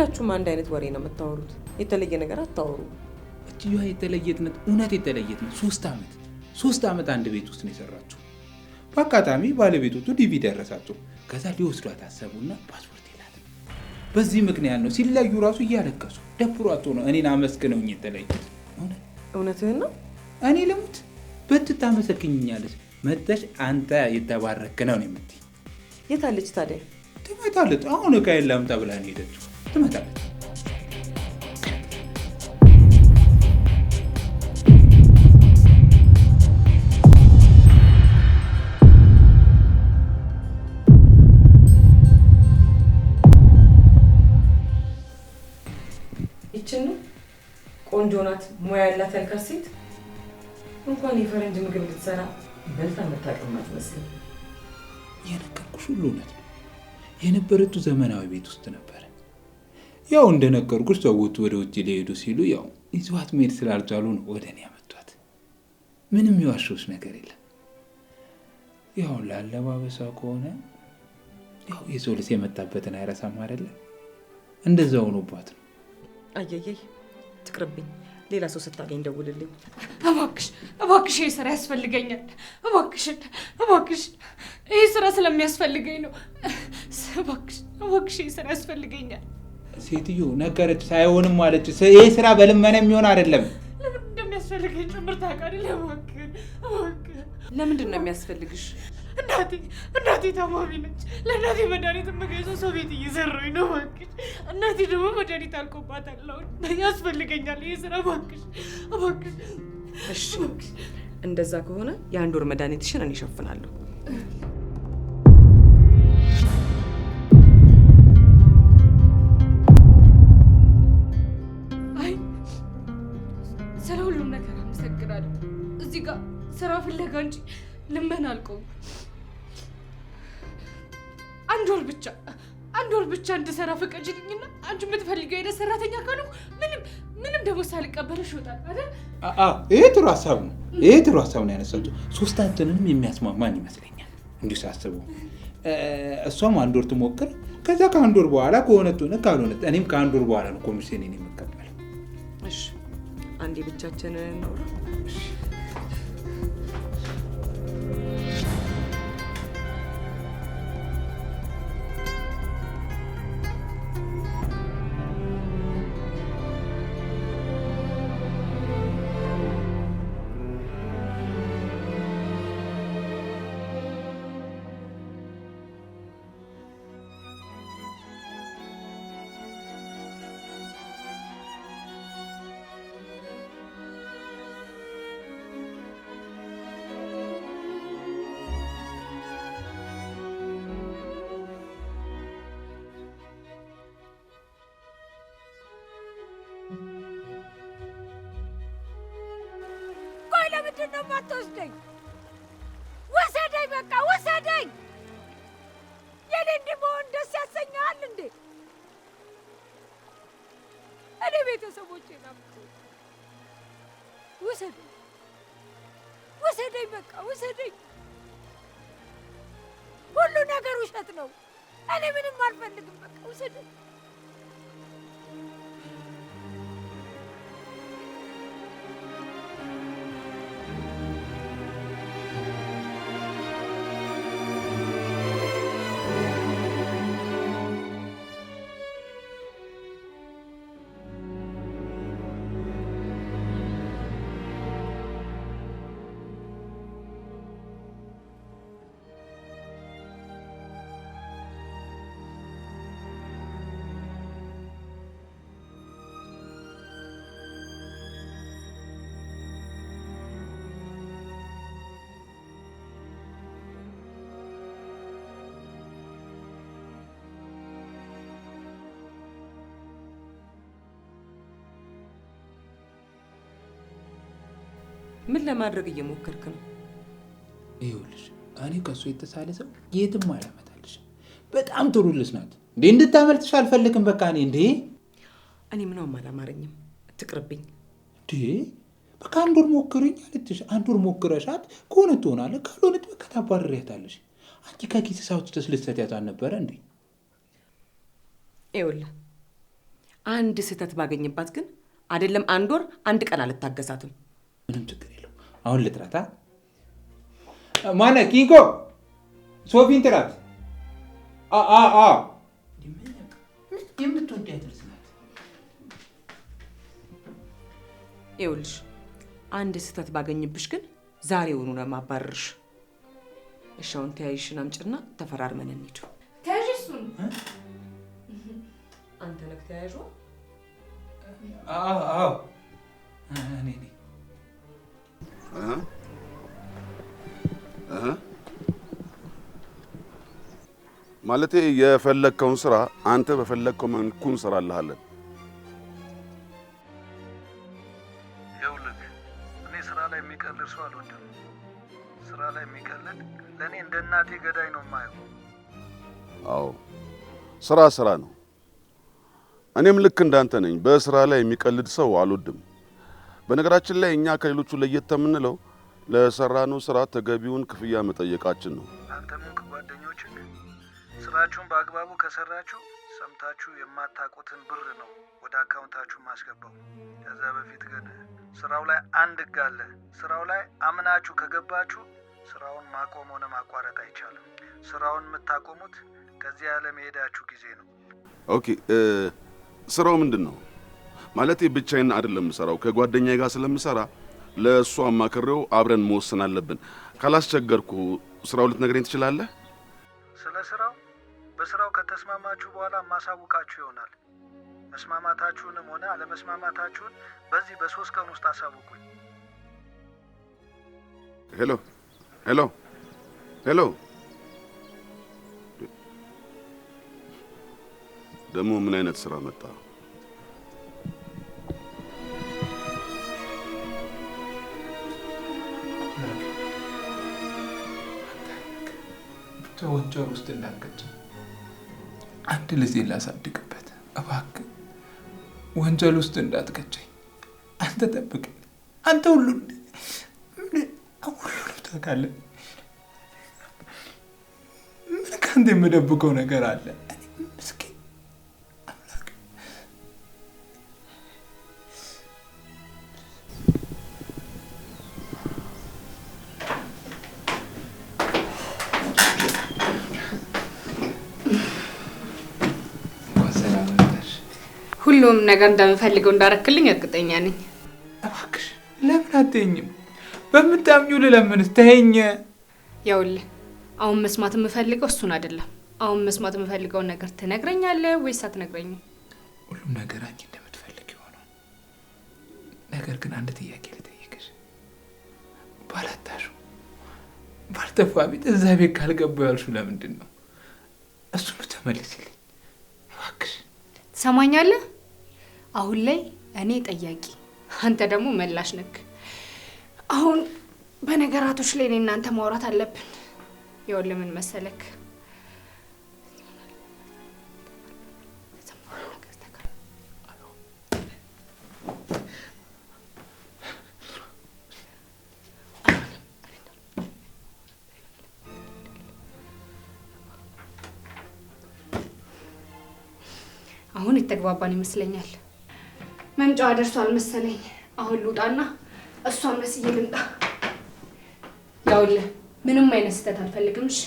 ሁላችሁም አንድ አይነት ወሬ ነው የምታወሩት። የተለየ ነገር አታወሩ። እትዬ የተለየትነት እውነት የተለየትነት ሶስት ዓመት ሶስት ዓመት አንድ ቤት ውስጥ ነው የሰራችሁ። በአጋጣሚ ባለቤቶቱ ዲቪ ደረሳቸው። ከዛ ሊወስዷት አሰቡና ፓስፖርት የላትም። በዚህ ምክንያት ነው ሲለያዩ ራሱ እያለቀሱ ደብሯቸው ነው እኔን አመስግነውኝ የተለዩት። እውነትህን ነው። እኔ ልሙት በትታመሰግኝኛለች መጠሽ አንተ የተባረክ ነው ነው የምትይኝ። የታለች ታዲያ? ትመጣለች። አሁን ዕቃ የላምጣ ብላ ነው የሄደችው። ትመጣለች። ይችን ቆንጆ ናት፣ ሙያ ያላት ያልካት ሴት እንኳን የፈረንጅ ምግብ ልትሰራ በልታ መታቀም አትመስልም። የነገርኩሽ ሁሉ እውነት ነው። የነበረቱ ዘመናዊ ቤት ውስጥ ነበረ ያው እንደነገርኩሽ ሰዎቹ ወደ ውጭ ሊሄዱ ሲሉ ያው ይዘዋት መሄድ ስላልቻሉ ነው ወደ እኔ ያመጧት። ምንም የዋሸሁሽ ነገር የለም። ያው ላለባበሷ ከሆነ ያው የሰው ልጅ የመጣበትን አይረሳም አይደለ? እንደዛ ሆኖባት ነው። አየየይ ትቅርብኝ። ሌላ ሰው ስታገኝ ደውልልኝ እባክሽ። እባክሽ ይህ ስራ ያስፈልገኛል። እባክሽን፣ እባክሽ፣ ይህ ስራ ስለሚያስፈልገኝ ነው። እባክሽ፣ እባክሽ ይህ ስራ ያስፈልገኛል። ሴትዮ ነገረች፣ ሳይሆንም ማለች። ይህ ስራ በልመና የሚሆን አይደለም። ለምንድን ነው ጭምር ታውቃለህ? ለምንድን ነው የሚያስፈልግሽ? እናቴ እናቴ ታማሚ ነች። ለእናቴ መድኃኒት የምገዛው ሰው ቤት እየሰራኝ ነው። እባክሽ እናቴ ደግሞ መድኃኒት አልቆባታል። ያስፈልገኛል ይህ ስራ እባክሽ፣ እባክሽ። እሺ እንደዛ ከሆነ የአንድ ወር መድኃኒትሽን እኔ እሸፍናለሁ። ፍለጋ እንጂ ልመና አልቆም። አንድ ወር ብቻ አንድ ወር ብቻ እንድሰራ ፍቀጅልኝና አንቺ የምትፈልጊው አይነት ሰራተኛ ካሉ ምንም ምንም ደግሞ ሳልቀበልሽ ይወጣል አይደል? ይሄ ጥሩ ሀሳብ ነው። ይሄ ጥሩ ሀሳብ ነው ያነሳችው። ሶስታችንንም የሚያስማማን ይመስለኛል እንዲሁ ሳስበው። እሷም አንድ ወር ትሞክር፣ ከዛ ከአንድ ወር በኋላ ከሆነ ሆነ፣ ካልሆነት እኔም ከአንድ ወር በኋላ ነው ኮሚሽን የምቀበለው። እሺ አንዴ ብቻችንን ኖረ ለምንድን ነው የማትወስደኝ? ወሰደኝ፣ በቃ ወሰደኝ። የኔ እንዲህ መሆን ደስ ያሰኛል እንዴ? እኔ ቤተሰቦቼ ናምኩ። ውሰደኝ፣ ውሰደኝ፣ በቃ ውሰደኝ። ሁሉ ነገር ውሸት ነው። እኔ ምንም አልፈልግም። በቃ ውሰደኝ። ምን ለማድረግ እየሞከርክ ነው? ይኸውልሽ እኔ ከእሱ የተሳለ ሰው የትም አላመጣልሽ። በጣም ጥሩ ልጅ ናት። እንዴ እንድታመልጥሽ አልፈልግም። በቃ እኔ እንዴ እኔ ምናውም አላማረኝም። ትቅርብኝ። እንዴ በቃ አንድ ወር ሞክርኝ አለትሽ። አንድ ወር ሞክረሻት ከሆነ ትሆናለች፣ ካልሆነች በቃ ታባርሪያታለሽ። አንቺ ከኪስሽ አውጥተሽ ልትሰሪያት አልነበረ እንዴ? ይኸውልህ አንድ ስህተት ባገኝባት ግን አይደለም አንድ ወር አንድ ቀን አልታገሳትም። ምንም ችግር አሁን ልጥራታ። ማነ ኪንኮ ሶፊን ጥራት። ይኸውልሽ አንድ ስህተት ባገኝብሽ ግን ዛሬውኑ ነው የማባረርሽ። እሺ አሁን ተያይሽን አምጪና ተፈራርመን እንሂድ። ተያዥ እሱን አንተ ነህ ተያዥ። አዎ እኔ ነኝ። Aha. አሃ ማለቴ የፈለግከውን ስራ አንተ በፈለግከው መልኩ እንሰራልሃለን። ይኸውልህ እኔ ስራ ላይ የሚቀልድ ሰው አልወድም። ስራ ላይ የሚቀልድ ለእኔ እንደ እናቴ ገዳይ ነው የማየው። አዎ ስራ ስራ ነው። እኔም ልክ እንዳንተ ነኝ። በስራ ላይ የሚቀልድ ሰው አልወድም። በነገራችን ላይ እኛ ከሌሎቹ ለየት የምንለው ለሰራነው ስራ ተገቢውን ክፍያ መጠየቃችን ነው። አንተም ጓደኞች ስራችሁን በአግባቡ ከሰራችሁ ሰምታችሁ የማታውቁትን ብር ነው ወደ አካውንታችሁ ማስገባው። ከዛ በፊት ግን ስራው ላይ አንድ ሕግ አለ። ስራው ላይ አምናችሁ ከገባችሁ ስራውን ማቆም ሆነ ማቋረጥ አይቻልም። ስራውን የምታቆሙት ከዚህ ዓለም የሄዳችሁ ጊዜ ነው። ኦኬ፣ ስራው ምንድን ነው? ማለት ብቻዬን አይደለም የምሰራው ከጓደኛ ጋር ስለምሰራ ለእሱ አማክሬው አብረን መወሰን አለብን። ካላስቸገርኩ ስራው ልትነግረኝ ትችላለህ? ስለ ስራው በስራው ከተስማማችሁ በኋላ ማሳውቃችሁ ይሆናል። መስማማታችሁንም ሆነ አለመስማማታችሁን በዚህ በሶስት ቀን ውስጥ አሳውቁኝ። ሄሎ ሄሎ ሄሎ። ደግሞ ምን አይነት ስራ መጣ? ተወንጀል ውስጥ እንዳትገጭ አንድ ልዜ ላሳድግበት እባክህ፣ ወንጀል ውስጥ እንዳትገጨኝ አንተ ጠብቅ፣ አንተ ሁሉ ሁሉ ታውቃለህ። ምን ከአንተ የምደብቀው ነገር አለን? ሁሉም ነገር እንደምፈልገው እንዳረክልኝ እርግጠኛ ነኝ። እባክሽ ለምን አትይኝም? በምታምኙ ልለምንስ ተይኝ። ያውልህ አሁን መስማት የምፈልገው እሱን አይደለም። አሁን መስማት የምፈልገው ነገር ትነግረኛለህ ወይስ አትነግረኝም? ሁሉም ነገር አንቺ እንደምትፈልግ የሆነው ነገር ግን አንድ ጥያቄ ልጠይቅሽ። ባላታሹ ባልተፋ ቤት እዛ ቤት ካልገቡ ያልሹ ለምንድን ነው? እሱን ተመልስልኝ እባክሽ። ትሰማኛለህ? አሁን ላይ እኔ ጠያቂ፣ አንተ ደግሞ መላሽ ነክ። አሁን በነገራቶች ላይ እኔ እናንተ ማውራት አለብን። ይኸውልህ ምን መሰለክ አሁን የተግባባን ይመስለኛል። መምጫዋ ደርሷል መሰለኝ። አሁን ልውጣና እሷን መስዬ ልምጣ። ያውልህ ምንም አይነት ስህተት አልፈልግምሽ።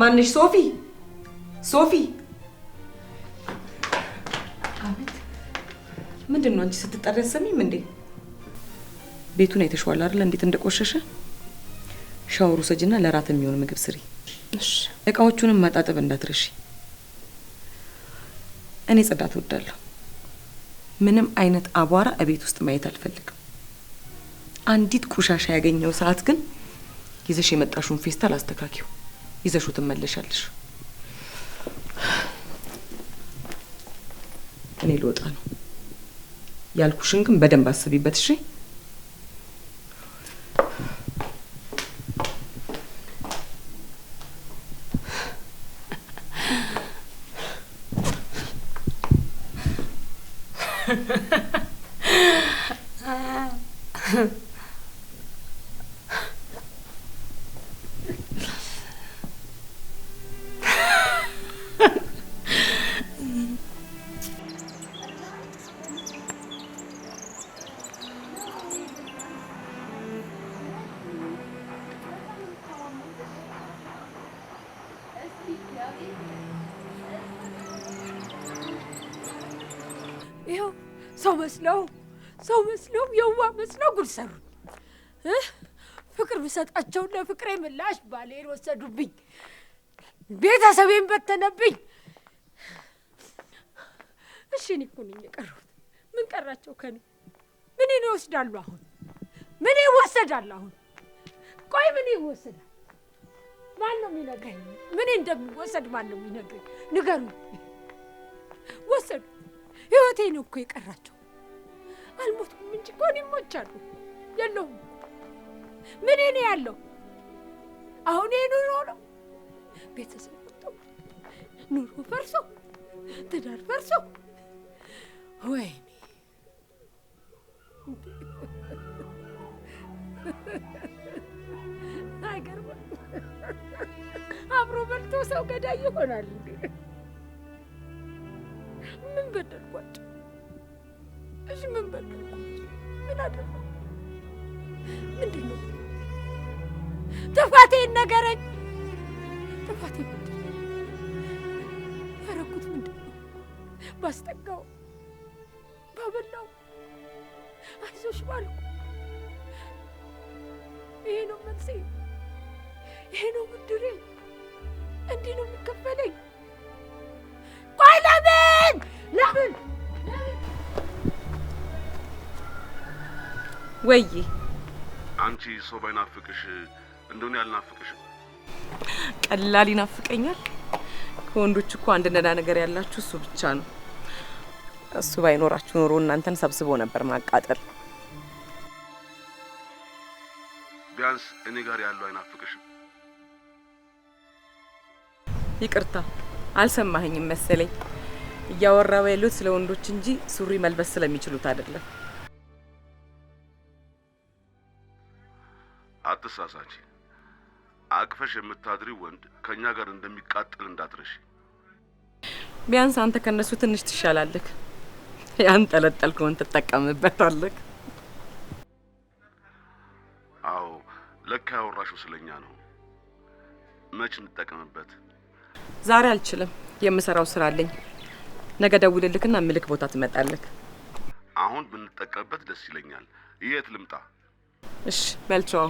ማንሽ? ሶፊ ሶፊ! አቤት። ምንድን ነው አንቺ ስትጠሪ አትሰሚም እንዴ? ቤቱን አይተሽዋል አይደል? እንዴት እንደቆሸሸ። ሻወር ውሰጂና ለራት የሚሆን ምግብ ስሪ። እቃዎቹንም ማጣጠብ እንዳትረሺ። እኔ ጽዳት እወዳለሁ። ምንም አይነት አቧራ እቤት ውስጥ ማየት አልፈልግም። አንዲት ቆሻሻ ያገኘው ሰዓት ግን ይዘሽ የመጣሹን ፌስታል አስተካኪው። ይዘሹ ትመለሻለሽ። እኔ ልወጣ ነው ያልኩሽን ግን በደንብ አስቢበት እሺ። ሰው መስለው ሰው መስለው የዋ መስለው ጉድ ሰሩ። ፍቅር ብሰጣቸው ለፍቅሬ ምላሽ ባሌን ወሰዱብኝ፣ ቤተሰቤን በተነብኝ። እሺ እኔ እኮ ነኝ የቀረሁት። ምን ቀራቸው ከኔ? ምን ይወስዳሉ አሁን? ምን ይወሰዳል አሁን? ቆይ ምን ይወሰዳል? ማን ነው የሚነግረኝ? ምን እንደሚወሰድ ማን ነው የሚነግረኝ? ንገሩ። ወሰዱ። ህይወቴን እኮ የቀራቸው አልሞትም እንጂ እኮ እኔ ሞቻለሁ። የለሁም ምን እኔ ያለው? አሁን ኑሮ ነው። ቤተሰብ ኑሮ ፈርሶ፣ ትዳር ፈርሶ፣ ወይኔ አይገርምም? አብሮ በልቶ ሰው ገዳይ ይሆናል። ምን በደልኳቸው? እሺ ምን በደልኩ? ምን አደረኩ? ምንድን ነው ጥፋቴን ነገረኝ። ጥፋቴ ምንድን ነው ያደረኩት? ምንድን ነው ባስጠጋው፣ ባበላው፣ አይዞሽ ባልኩ? ይሄ ነው መልሴ? ይሄ ነው ውድሬ? እንዲህ ነው የሚከፈለኝ? ቆይ ለምን ለምን ወይ አንቺ ሰው ባይናፍቅሽ እንደሆነ ያልናፍቅሽ ቀላል ይናፍቀኛል። ከወንዶች እኮ አንድ ነዳ ነገር ያላችሁ እሱ ብቻ ነው። እሱ ባይኖራችሁ ኖሮ እናንተን ሰብስቦ ነበር ማቃጠል። ቢያንስ እኔ ጋር ያለው አይናፍቅሽም። ይቅርታ አልሰማኸኝም መሰለኝ። እያወራው ያሉት ስለ ወንዶች እንጂ ሱሪ መልበስ ስለሚችሉት አይደለም። አትሳሳች። አቅፈሽ የምታድሪ ወንድ ከእኛ ጋር እንደሚቃጠል እንዳትረሽ። ቢያንስ አንተ ከነሱ ትንሽ ትሻላለክ ትሻላለህ። ያንጠለጠልከውን ትጠቀምበታለክ። አዎ ለካ ያወራሽው ስለኛ ነው። መች እንጠቀምበት? ዛሬ አልችልም፣ የምሰራው ስራ አለኝ። ነገ ደውልልክና ምልክ ቦታ ትመጣለክ አሁን ብንጠቀምበት ደስ ይለኛል። የት ልምጣ? እሺ በልቼው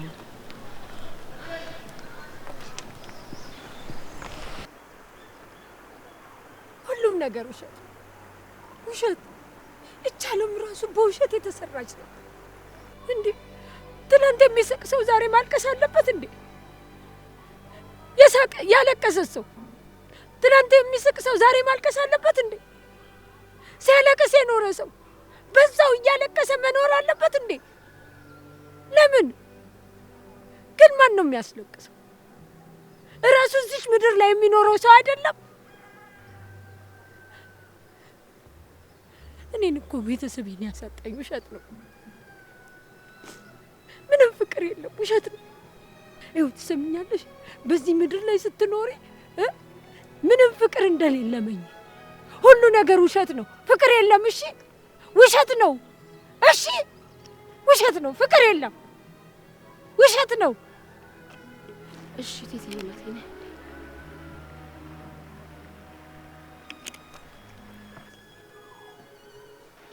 ሁሉም ነገር ውሸት ውሸት። ይህች ዓለም ራሱ በውሸት የተሰራች ነው። እንዴ ትናንት የሚስቅ ሰው ዛሬ ማልቀስ አለበት እንዴ? የሳቀ ያለቀሰ ሰው ትናንት የሚስቅ ሰው ዛሬ ማልቀስ አለበት እንዴ? ሲያለቅስ የኖረ ሰው በዛው እያለቀሰ መኖር አለበት እንዴ? ለምን ግን ማን ነው የሚያስለቅሰው? እራሱ እዚች ምድር ላይ የሚኖረው ሰው አይደለም? እኔን እኮ ቤተሰብን ያሳጣኝ ውሸት ነው። ምንም ፍቅር የለም፣ ውሸት ነው። ይኸው ትሰምኛለሽ፣ በዚህ ምድር ላይ ስትኖሪ ምንም ፍቅር እንደሌለ መኝ። ሁሉ ነገር ውሸት ነው፣ ፍቅር የለም። እሺ፣ ውሸት ነው። እሺ ውሸት ነው፣ ፍቅር የለም፣ ውሸት ነው። እሺ እቴትዬ እውነቴን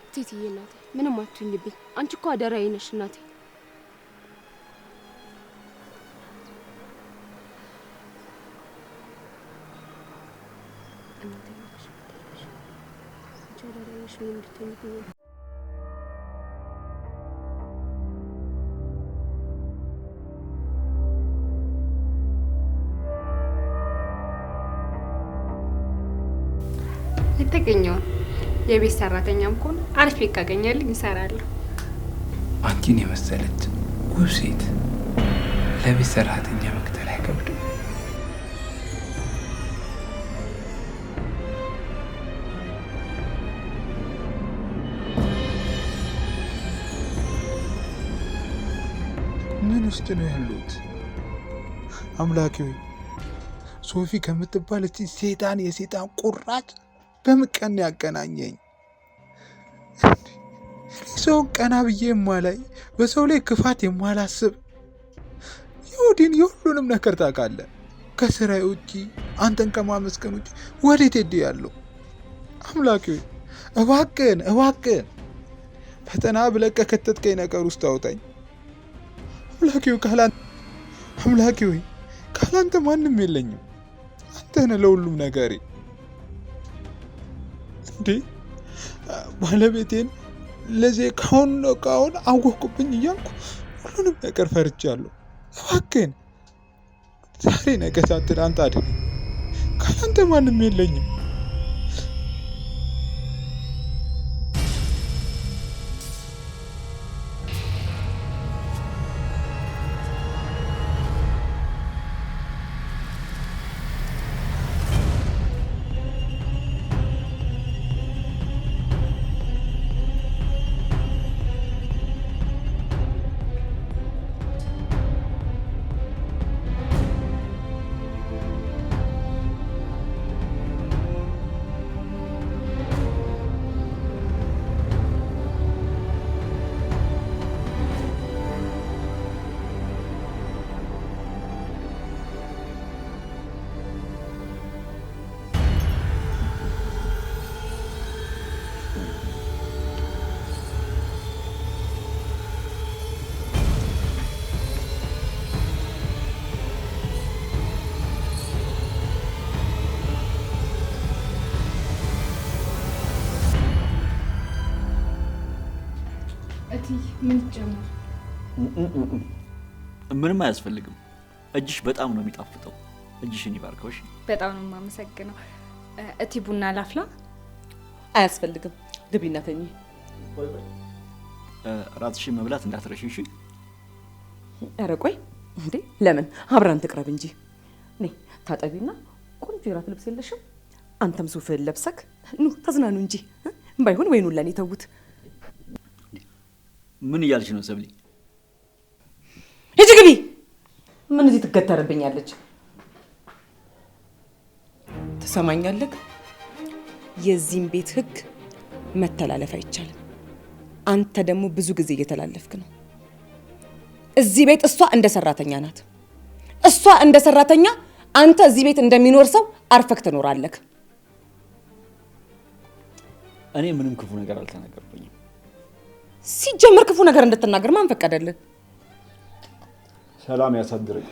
እቴትዬ እናቴ ምንም አትሁኝብኝ። አንቺ እኮ አደራዬ ነሽ እናቴ። እናቴ ነሽ፣ አደራዬ ነሽ። ምን እንድትሆኝ የተገኘውን የቤት ሰራተኛም ከሆነ አሪፍ ካገኘልኝ ይሰራለሁ። አንቺን የመሰለች ውብ ሴት ለቤት ሰራተኛ መቅጠል አይከብድም። ምን ውስጥ ነው ያሉት? አምላኪ ሶፊ ከምትባል ሴጣን የሴጣን ቁራጭ በምቀን ያገናኘኝ ሰውን ቀና ብዬ የማላይ በሰው ላይ ክፋት የማላስብ ይሁዲን የሁሉንም ነገር ታውቃለህ። ከስራዬ ውጪ አንተን ከማመስገን ውጪ ወዴት ሄድ ያለው አምላኪ እባክህን እባክህን ፈተና ብለህ ከከተትከኝ ነገር ውስጥ አውጣኝ አምላኪ ካላንተ ካላንተ ማንም የለኝም። አንተነ ለሁሉም ነገሬ እንዴ ባለቤቴን ለዚህ ካሁን ካሁን አወቅኩብኝ እያልኩ ሁሉንም ነገር ፈርቻለሁ። እባክህን ዛሬ ነገ ሳትል አንተ አድነኝ። ካላንተ ማንም የለኝም። ምን ምንም አያስፈልግም። እጅሽ በጣም ነው የሚጣፍጠው። እጅሽን ይባርከው። እሺ፣ በጣም ነው የማመሰግነው። እቲ ቡና ላፍላ? አያስፈልግም። ግቢና ተኚ። ራትሽን መብላት እንዳትረሽ እሺ። ኧረ ቆይ እንዴ! ለምን አብራን ትቅረብ እንጂ እኔ ታጠቢና ቆንጆ የራት ልብስ የለሽም? አንተም ሱፍህን ለብሰክ ኑ ተዝናኑ እንጂ ባይሆን ወይኑን ለኔ ተዉት። ምን እያልሽ ነው ሰብሊ? እዚህ ግቢ። ምን እዚህ ትገተርብኛለች? ትሰማኛለህ? የዚህም ቤት ህግ መተላለፍ አይቻልም። አንተ ደግሞ ብዙ ጊዜ እየተላለፍክ ነው። እዚህ ቤት እሷ እንደ ሰራተኛ ናት። እሷ እንደ ሰራተኛ፣ አንተ እዚህ ቤት እንደሚኖር ሰው አርፈክ ትኖራለህ። እኔ ምንም ክፉ ነገር አልተናገርኩኝም። ሲጀመር ክፉ ነገር እንድትናገር ማን ፈቀደልህ? ሰላም ያሳድርግ።